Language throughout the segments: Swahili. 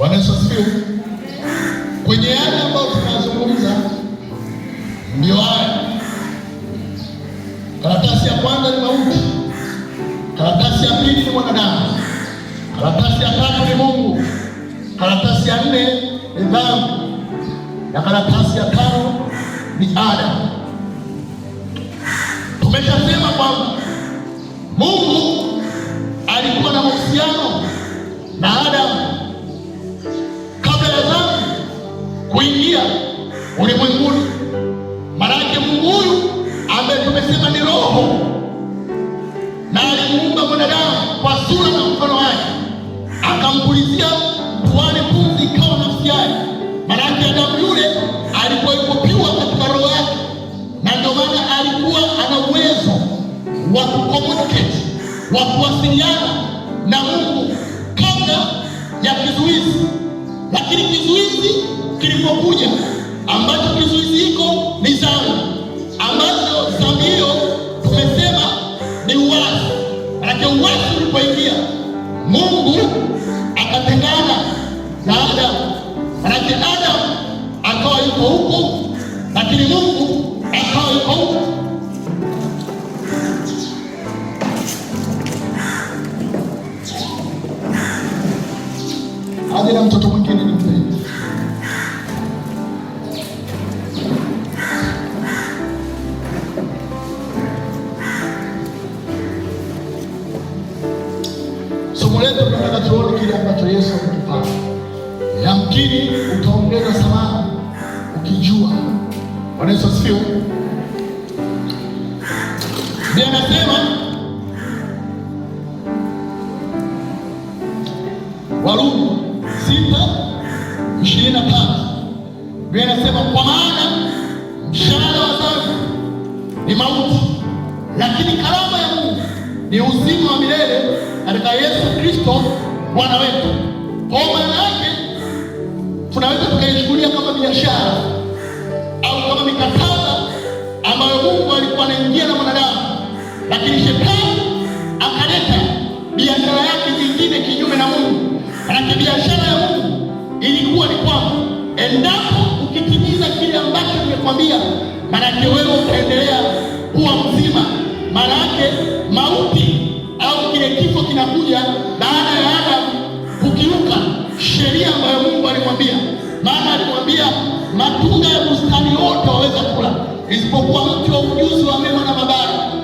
Bwana Yesu asifiwe. Kwenye yale ambayo tunazungumza ndio haya. Karatasi ya kwanza ni mauti, karatasi ya pili ni mwanadamu, karatasi ya tatu ni Mungu, karatasi ya nne ni dhambi na karatasi ya tano ni Adamu. Tumeshasema kwamba Mungu alikuwa na mahusiano na Adamu. kuingia ulimwenguni. Maanake Mungu huyu ambaye tumesema ni roho, na alimuumba mwanadamu kwa sura na mfano wake, akampulizia puani pumzi, ikawa nafsi yake. Maanake Adamu yule alikuwa ipopiwa katika roho yake, na ndio maana alikuwa ana uwezo wa kukomuniketi, wa kuwasiliana na Mungu kabla ya kizuizi, lakini kizuizi kilipokuja, ambacho kizuizi hiko ni zamu ambacho dhambi hiyo tumesema ni uwazi Manake uwazi ulipoingia, Mungu akatengana na Adamu, manake Adamu akawa yuko huku, lakini Mungu akawa yuko huku. Aje na mtoto mwingine karama ya Mungu ni uzima wa milele katika Yesu Kristo Bwana wetu. Kwa maana yake tunaweza tukaichukulia kama biashara au kama mikataba ambayo Mungu alikuwa anaingia na mwanadamu, lakini shetani akaleta biashara yake nyingine kinyume na Mungu. Lakini biashara ya Mungu ilikuwa ni kwamba endapo ukitimiza kile ambacho nimekwambia, maanake wewe utaendelea kuwa mzima maana yake mauti au kile kifo kinakuja baada ya Adamu kukiuka sheria ambayo Mungu alimwambia. Maana alimwambia matunda ya bustani yote waweza kula isipokuwa mti wa ujuzi wa mema na mabaya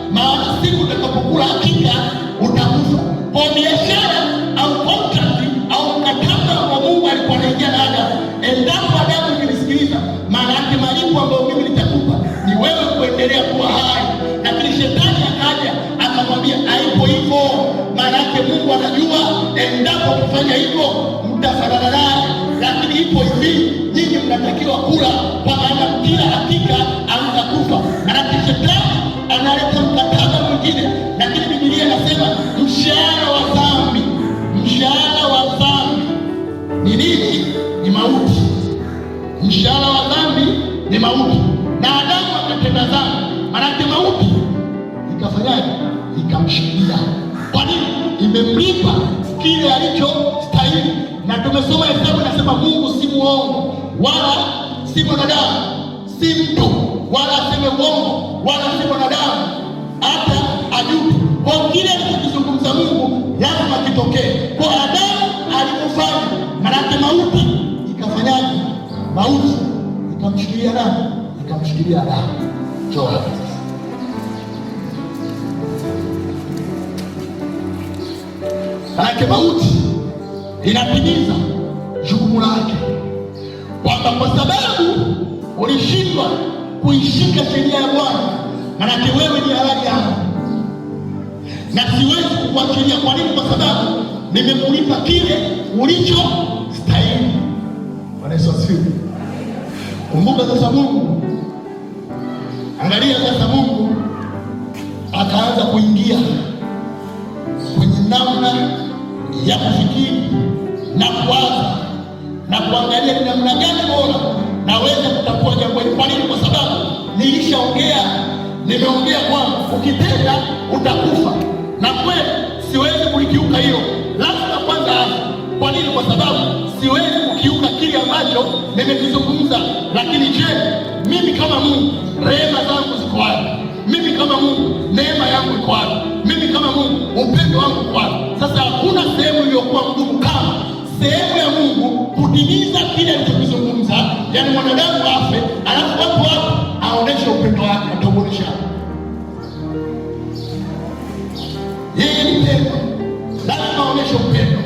itamshindia. Kwa nini? Imemlipa kile alichostahili, na tumesoma Hesabu nasema Mungu si muongo wala si mwanadamu, si mtu wala aseme uongo wala si mwanadamu hata ajutu. Kwa kile alichokizungumza Mungu lazima kitokee. Kwa Adamu alikufanya, manake mauti ikafanyaje? Mauti ikamshikilia nani? Ikamshikilia Adamu. Njoo hapa. Manake mauti inatimiza jukumu lake, kwamba kwa sababu ulishindwa kuishika sheria ya Bwana, manake wewe ni halali yangu na siwezi kukuachilia. Kwa nini? Kwa sababu nimekulipa kile ulicho stahili. Bwana Yesu asifiwe. Kumbuka sasa, Mungu angalia sasa, Mungu akaanza kuingia ya kufikiri na kuwaza na kuangalia ni namna gani bora naweza kutatua jambo hili. Kwa nini? Kwa sababu nilishaongea, nimeongea kwamba ukipenda utakufa, na kweli siwezi kuikiuka hiyo, lazima kwanza afu. Kwa nini? Kwa sababu siwezi kukiuka kile ambacho nimekizungumza. Lakini je, mimi kama Mungu rehema zangu ziko wapi? Mimi kama Mungu neema yangu iko wapi? Mimi kama Mungu upendo wangu uko wapi? Mungu kama sehemu ya Mungu kutimiza kile alichokizungumza, yaani mwanadamu afe, alafu watu wapo aoneshe upendo wake, atauonesha yeye ni pendo, lazima aoneshe upendo.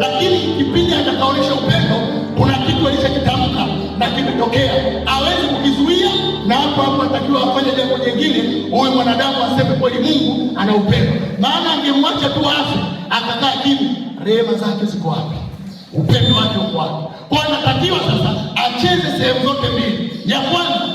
Lakini kipindi atakaonesha upendo, kuna kitu alishakitamka na kimetokea, hawezi kukizuia, na hapo hapo atakiwa afanye jambo jingine, huyu mwanadamu aseme kweli Mungu ana upendo, maana angemwacha tu afe akakaa kimya rehema zake ziko wapi? Upendo wake uko wapi? Kwa anatakiwa sasa acheze sehemu zote mbili. Ya kwanza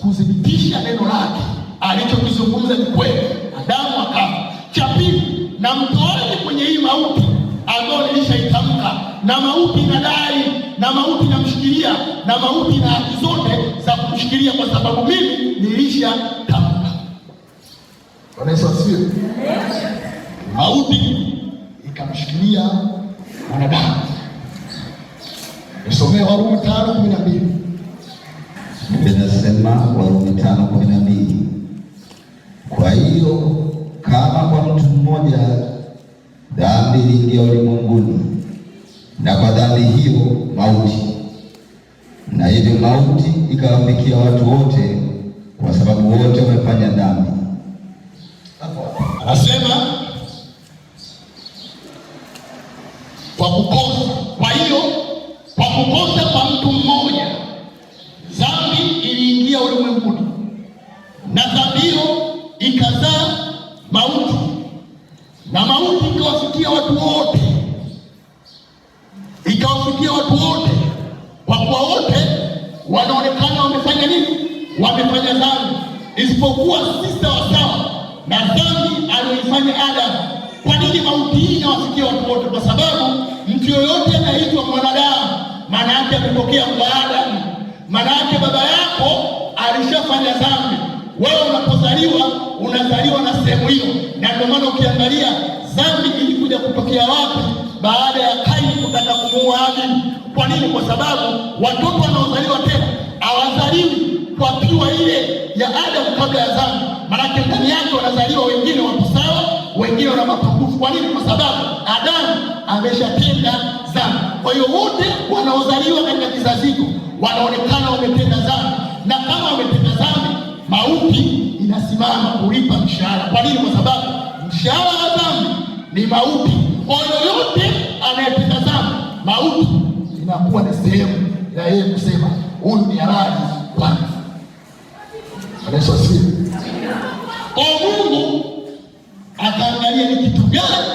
kudhibitisha neno lake alichokizungumza ni kweli, Adamu akafa. Cha pili, na mtoaje kwenye hii mauti ambayo nilishaitamka, na mauti inadai, na mauti namshikilia, na mauti na haki zote za kumshikilia, kwa sababu mimi nilishatamka. Bwana Yesu asifiwe. Mauti ikamshikilia mwanadamu. Nisomee Warumi tano kumi na mbili. Ninasema Warumi tano kumi na mbili. Kwa hiyo kama kwa mtu mmoja dhambi iliingia ulimwenguni, na kwa dhambi hiyo mauti, na hivyo mauti ikawafikia watu wote, kwa sababu wote wamefanya dhambi. Wewe unapozaliwa unazaliwa na sehemu hiyo, na ndio maana ukiangalia dhambi ilikuja kutokea wapi? Baada ya Kaini kutaka kumuua Abeli. Kwa nini? Kwa sababu watoto wanaozaliwa tena hawazaliwi kwa piwa ile ya Adamu kabla ya dhambi, maanake ndani yake wanazaliwa wengine wa sawa, wengine wana mapungufu. Kwa nini? Kwa sababu Adamu ameshatenda dhambi. Kwa hiyo wote wanaozaliwa katika kizazi wanaonekana wametenda dhambi, na kama wametenda dhambi mauti inasimama kulipa mshahara. Kwa nini? Kwa sababu mshahara wa dhambi ni mauti. Kwa yoyote anayetazama mauti inakuwa ni sehemu ya yeye kusema huyu ni halali kwanza. Yesu asifiwe. Kwa Mungu akaangalia ni kitu gani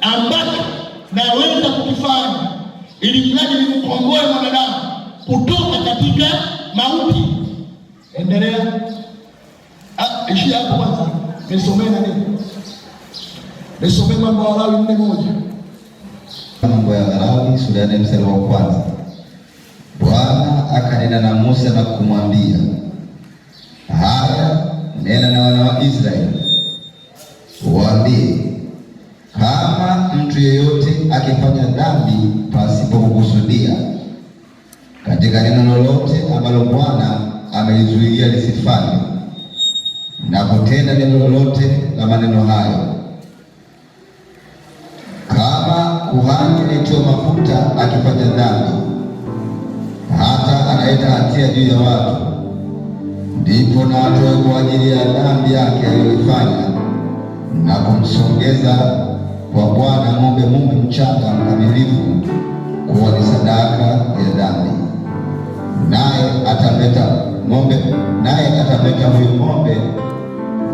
ambacho naweza kukifanya ili mradi nimkomboe mwanadamu kutoka katika mauti. Endelea. Ishia hapo kwanza. Nisomee nani, Nisomee mambo ya Walawi nne moja. Mambo ya Walawi sura ya nne mstari wa kwanza. Bwana akanena na Musa na kumwambia, haya nena na wana wa Israeli waambie, kama mtu yeyote akifanya dhambi pasipo kukusudia katika neno lolote ambalo Bwana amelizuilia lisifanywe na kutenda jambo lolote la maneno hayo. Kama kuhani aliyetiwa mafuta akifanya dhambi, hata anaita hatia juu ya watu, ndipo na watoe kwa ajili ya dhambi yake aliyoifanya na kumsongeza kwa Bwana ng'ombe mume mchanga mkamilifu kuwa ni sadaka ya dhambi, naye atameta ng'ombe, naye atameta huyo ng'ombe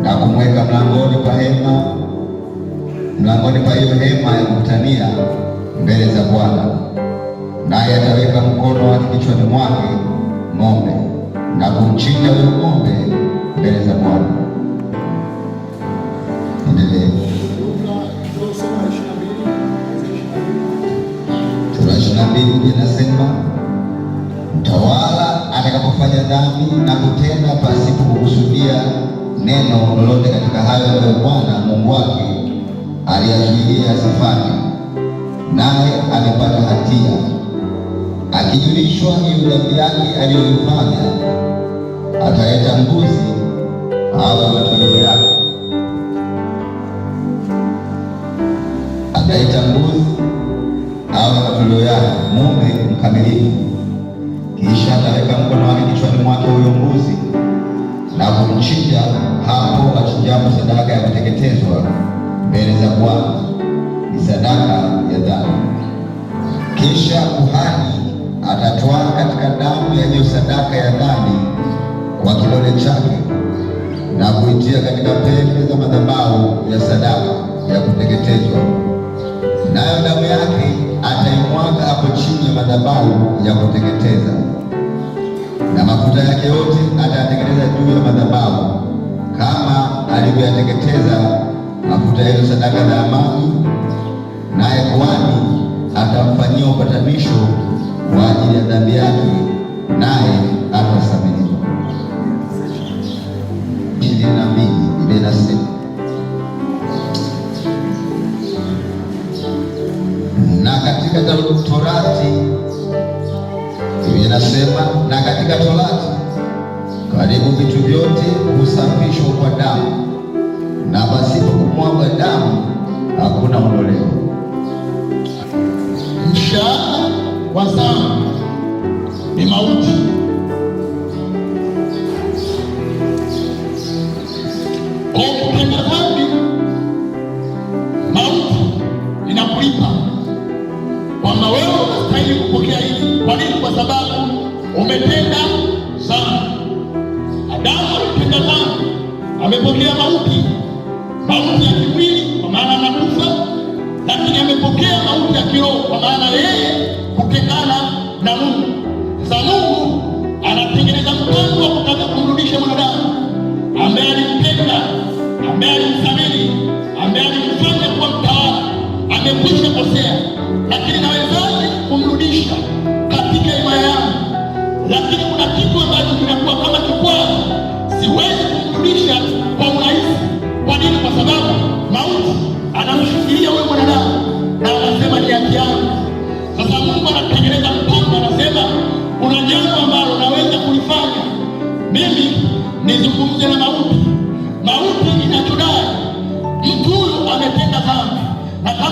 na kumweka mlangoni pa hema, mlangoni pa hiyo hema ya kukutania mbele za Bwana, naye ataweka mkono wake kichwani mwake ng'ombe na kumchinja huyo ng'ombe mbele za Bwana. Endelee sura ishirini inasema mtawala atakapofanya dhambi na kutenda pasipo kukusudia neno lolote katika hayo ambayo Bwana Mungu wake aliashiria asifanye, naye amepata hatia, akijulishwa hiyo dhambi yake aliyoifanya, ataleta mbuzi au matoleo yake, ataleta mbuzi au matoleo yake, mume mkamilifu, kisha ataweka mkono wake kichwani mwake huyo mbuzi na kumchinja mojawapo sadaka ya kuteketezwa mbele za Bwana ni sadaka ya dhambi. Kisha kuhani atatwaa katika damu ya hiyo sadaka ya dhambi kwa kidole chake na kuitia katika pembe za madhabahu ya sadaka ya kuteketezwa, nayo damu yake ataimwaga hapo chini ya madhabahu ya kuteketeza, na mafuta yake yote atayateketeza juu ya madhabahu kama alivyoyateketeza mafuta yale sadaka za amani, naye kuhani atamfanyia upatanisho kwa ajili ya dhambi yake, naye atasamehewa. kiroho, kwa maana yeye hutengana na Mungu.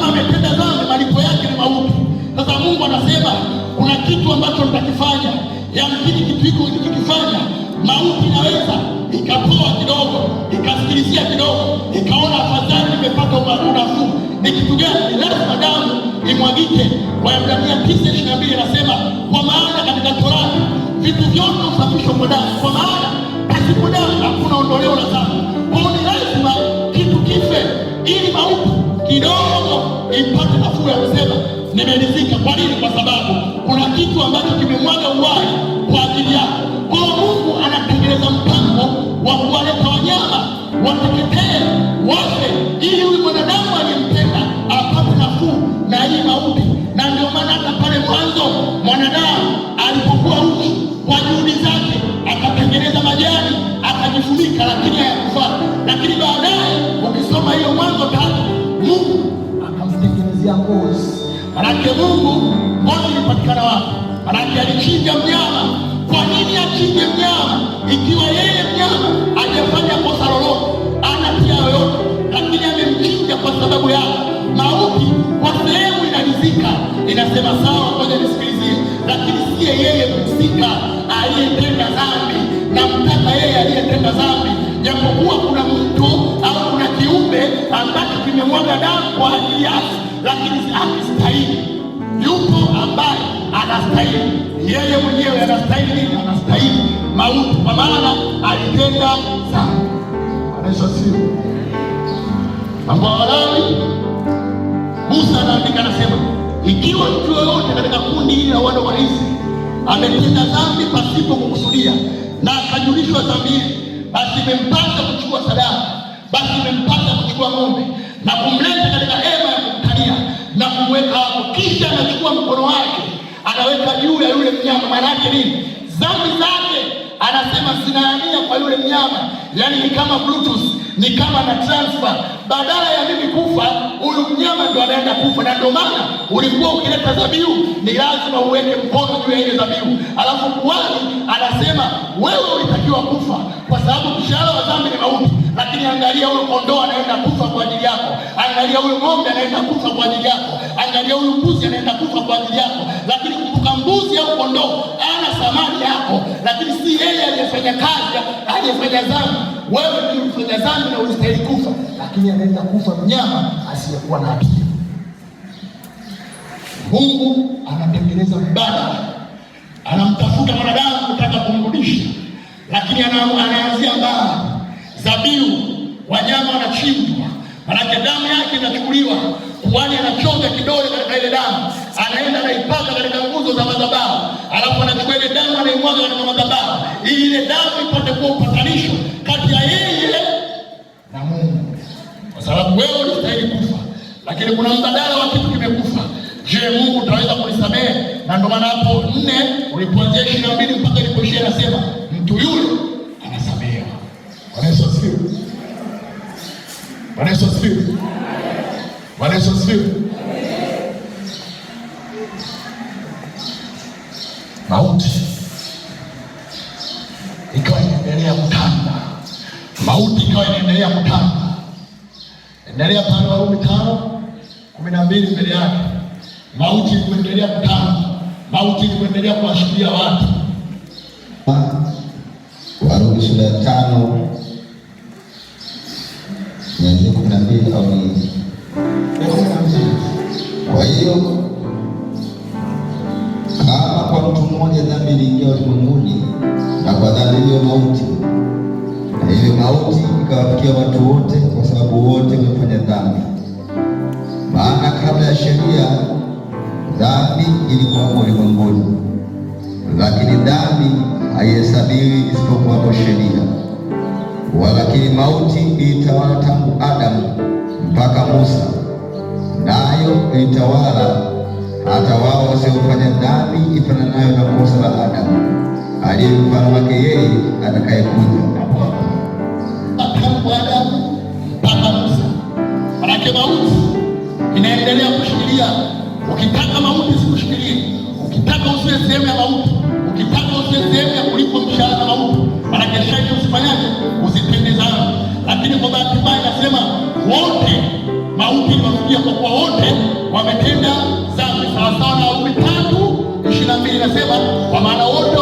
ametenda dhambi, malipo yake ni mauti. Sasa Mungu anasema kuna kitu ambacho mtakifanya, yamkini kitu hiko ilikokifanya mauti inaweza ikapoa kidogo, ikasikilizia kidogo, ikaona afadhali, nimepata unafuu. Ni kitu gani? Ni lazima damu imwagike. Waebrania tisa ishirini na mbili anasema kwa maana katika Torati vitu vyote husafishwa kwa damu, kwa maana pasipo damu hakuna ondoleo la dhambi. hiyo ni lazima kitu kife ili mauti kidogo ipate nafuu ya kusema nimeridhika. Kwa nini? Kwa sababu kuna kitu ambacho kimemwaga uhai kwa ajili yako. Kwa Mungu anatengeneza mpango wa kuwaleta wanyama wateketee yake Mungu oni lipatikana wapi? Maanake alichinja mnyama. Kwa nini achinje mnyama ikiwa yeye mnyama ajafanya kosa lolote, anatia yoyote? Lakini amemchinja kwa sababu yako. Mauti kwa sehemu inalizika, inasema sawa, ngoja nisikilizie, lakini siye yeye mhusika aliyetenda dhambi, mtaka yeye aliyetenda dhambi, japokuwa kuna mtu au kuna kiumbe ambacho kimemwaga damu kwa ajili yake, lakini hakistahili Yupo ambaye anastahili yeye mwenyewe, anastahili anastahili mauti, kwa maana alitenda sana. Anashasifu ambao Walawi Musa anaandika anasema, ikiwa mtu yoyote katika kundi hili la wana wa Israeli ametenda dhambi pasipo kukusudia na akajulishwa dhambi hili, basi imempasa kuchukua sadaka, basi imempasa kuchukua ng'ombe na kumleta katika hema na kumweka hapo, kisha anachukua mkono wake anaweka juu ya yule mnyama. Maana yake nini? Dhambi zake anasema zinaania kwa yule mnyama, yaani ni kama Bluetooth ni kama na transfer. Badala ya mimi kufa, huyu mnyama ndo anaenda kufa. Na ndio maana ulikuwa ukileta dhabihu ni lazima uweke mkono juu ya ile dhabihu, alafu kuhani anasema wewe ulitakiwa kufa kwa sababu mshahara wa dhambi ni mauti lakini angalia huyu kondoo anaenda kufa kwa ajili yako, angalia huyu ng'ombe anaenda kufa kwa ajili yako, angalia huyu mbuzi anaenda kufa kwa ajili yako. Lakini kumbuka, mbuzi au kondoo ana thamani yako, lakini si yeye aliyefanya kazi, aliyefanya dhambi wewe ni mfanya dhambi na ustahili kufa, lakini anaenda kufa mnyama asiyekuwa na hatia. Mungu anatengeneza mbadala, anamtafuta mwanadamu kutaka kumrudisha, lakini anaanzia mbaya. Zabihu, wanyama wanachinjwa, manake damu yake inachukuliwa, kuhani anachonga kidole katika ile damu anaenda anaipaka katika nguzo za madhabahu, alafu anachukua ile damu anaimwaga katika madhabahu, ili ile damu ipate kuwa upatanisho kati ya yeye na Mungu, kwa sababu wewe ulistahili kufa, lakini kuna mbadala wa kitu kimekufa. Je, Mungu utaweza kunisamehe? Na ndio maana hapo nne ulipoanzia ishirini na mbili mpaka ilipoishia nasema mtu yule anasamehewa. Bwana Yesu asifiwe! Bwana Yesu asifiwe! Bwana Yesu asifiwe! mauti ikawa inaendelea kutanda, mauti ikawa inaendelea kutanda. Endelea pale Warumi tano kumi na mbili mbele yake, mauti ilikuendelea kutanda, mauti ilikuendelea kuwashikilia watu. Warumi sura ya tano kumi na mbili au kumi na mbili. Kwa hiyo dhambi iliingia ulimwenguni na kwa dhambi hiyo mauti, na hiyo mauti ikawafikia watu wote, kwa sababu wote wamefanya dhambi. Maana kabla ya sheria dhambi ilikuwa ulimwenguni, lakini dhambi haihesabiwi kwa sheria. Walakini mauti ilitawala tangu Adamu mpaka Musa, nayo ilitawala hata wao wasiofanya dhambi ifananayo na kosa la Adamu, aliye mfano wake yeye atakayekuja. Tangu Adamu mpaka Musa, manake mauti inaendelea kushikilia. Ukitaka mauti sikushikilie, ukitaka usiwe sehemu ya mauti, ukitaka usiwe sehemu ya kulipo mshahara mauti, manake shaiti usifanyaje, uzitende dhambi. Lakini kwa bahati mbaya inasema wote mauti iliwafikia, kwa kuwa wote wametenda sawasawa na Warumi tatu ishirini na mbili inasema kwa maana wote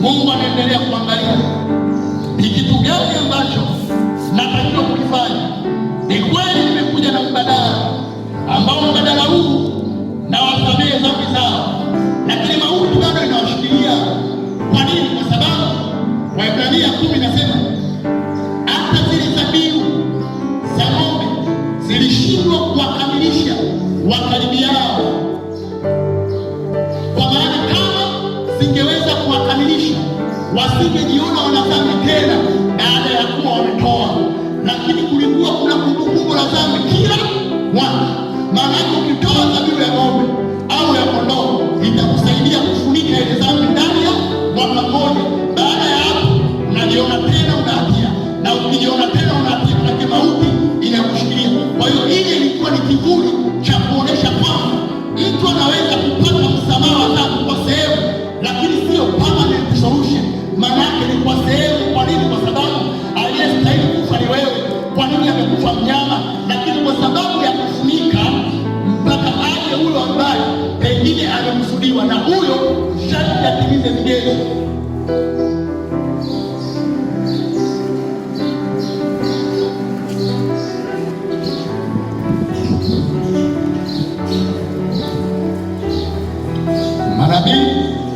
Mungu anaendelea kuangalia ni kitu gani ambacho natakiwa kukifanya. Amém. Amen.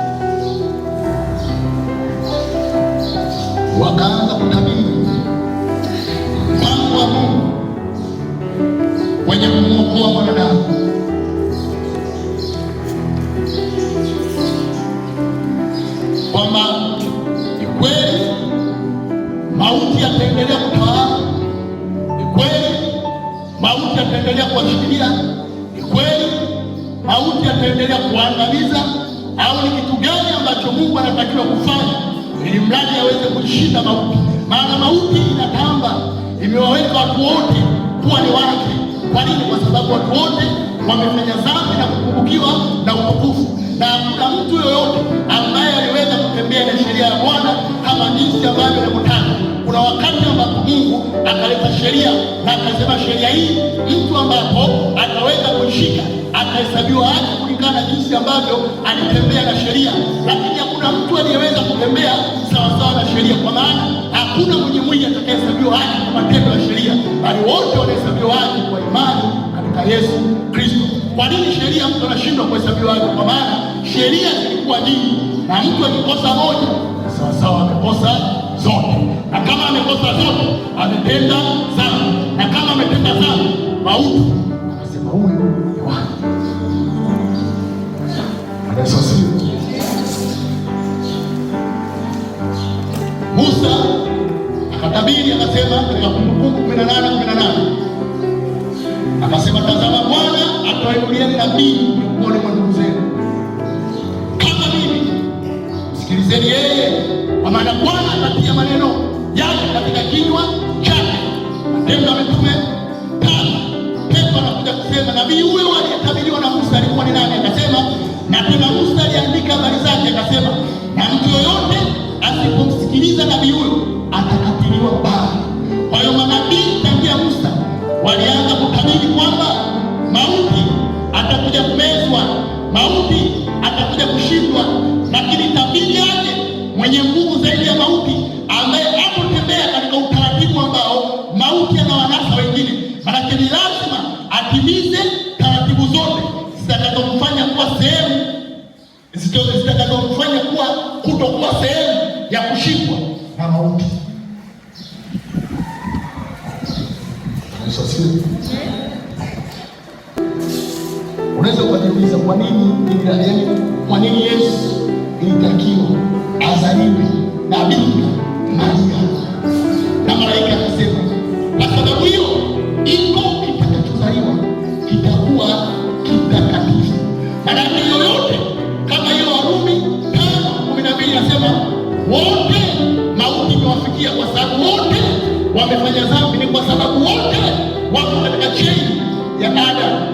mtu yoyote ambaye aliweza kutembea na sheria ya Bwana kama jinsi ambavyo nakutana. Kuna wakati ambapo Mungu akaleta sheria na akasema, sheria hii mtu ambapo ataweza kuishika atahesabiwa haki kulingana na jinsi ambavyo alitembea na sheria, lakini hakuna mtu aliyeweza kutembea sawasawa na sheria, kwa maana hakuna mwenye mwili atakayehesabiwa haki kwa matendo ya sheria, bali wote wanahesabiwa haki kwa imani katika Yesu Kristo. Kwa nini sheria mtu anashindwa kuhesabiwa haki? Kwa maana sheria zilikuwa nyingi, na mtu akikosa moja sawasawa amekosa zote, na kama amekosa zote ametenda sana, na kama ametenda sana mauti, anasema huyu ni Musa akatabiri akasema, katika Kumbukumbu kumi na nane kumi na nane akasema, tazama Bwana atawainulia nabii miongoni mwa katika kinywa chake. Matendo ya Mitume tano, Petro anakuja kusema nabii huyo aliyetabiriwa na Musa alikuwa ni nani? Akasema, na tena Musa aliandika habari zake akasema, na mtu yoyote asipomsikiliza nabii huyo atakatiliwa mbali. Kwa hiyo manabii tangia Musa walianza kutabiri kwamba mauti atakuja kumezwa, mauti atakuja kushindwa, lakini tabiri yake mwenye nguvu zaidi ya mauti ambaye lakini lazima atimize taratibu zote zitakazomfanya kuwa sehemu zitakazomfanya kuwa kutokuwa sehemu ya kushikwa na mauti. Unaweza ukajiuliza kwa nini, kwa nini Yesu ilitakiwa azaliwe na bikira Maria na malaika akasema, kwa sababu hiyo na yoyote kama hiyo. Warumi tano kumi na mbili nasema wote mauti imewafikia kwa sababu wote wamefanya dhambi, ni kwa sababu wote wako katika chini ya Adamu.